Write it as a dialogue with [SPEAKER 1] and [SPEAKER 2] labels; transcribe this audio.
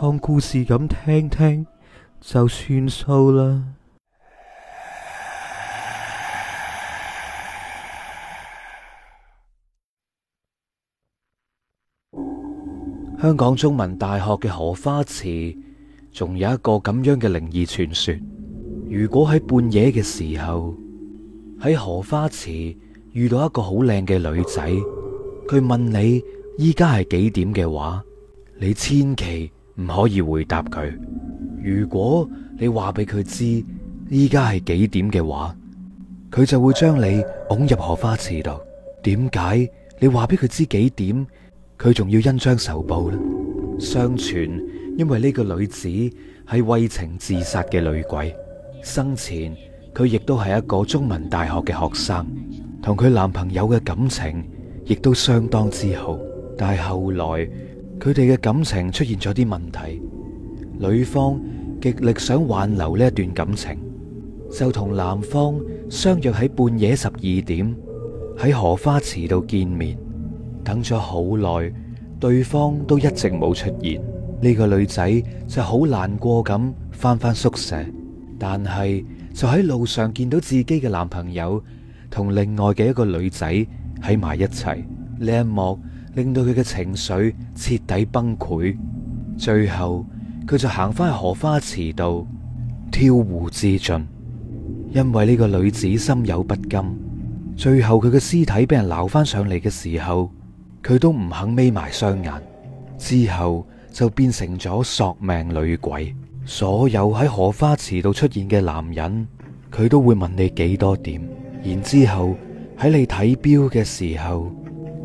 [SPEAKER 1] 當故事咁聽聽，就算數啦。香港中文大學嘅荷花池仲有一個咁樣嘅靈異傳說。如果喺半夜嘅時候，喺荷花池遇到一個好靚嘅女仔，佢問你依家係幾點嘅話，你千祈。唔可以回答佢。如果你話俾佢知依家係幾點嘅話，佢就會將你擁入荷花池度。點解你話俾佢知幾點，佢仲要恩將仇報呢？相傳，因為呢個女子係為情自殺嘅女鬼，生前佢亦都係一個中文大學嘅學生，同佢男朋友嘅感情亦都相當之好，但係後來。佢哋嘅感情出現咗啲問題，女方極力想挽留呢一段感情，就同男方相約喺半夜十二點喺荷花池度見面。等咗好耐，對方都一直冇出現，呢個女仔就好難過咁返返宿舍。但係就喺路上見到自己嘅男朋友同另外嘅一個女仔喺埋一齊，呢一幕。令到佢嘅情緒徹底崩潰，最後佢就行翻去荷花池度跳湖自盡。因為呢個女子心有不甘，最後佢嘅屍體俾人撈翻上嚟嘅時候，佢都唔肯眯埋雙眼。之後就變成咗索命女鬼，所有喺荷花池度出現嘅男人，佢都會問你幾多點，然之後喺你睇表嘅時候。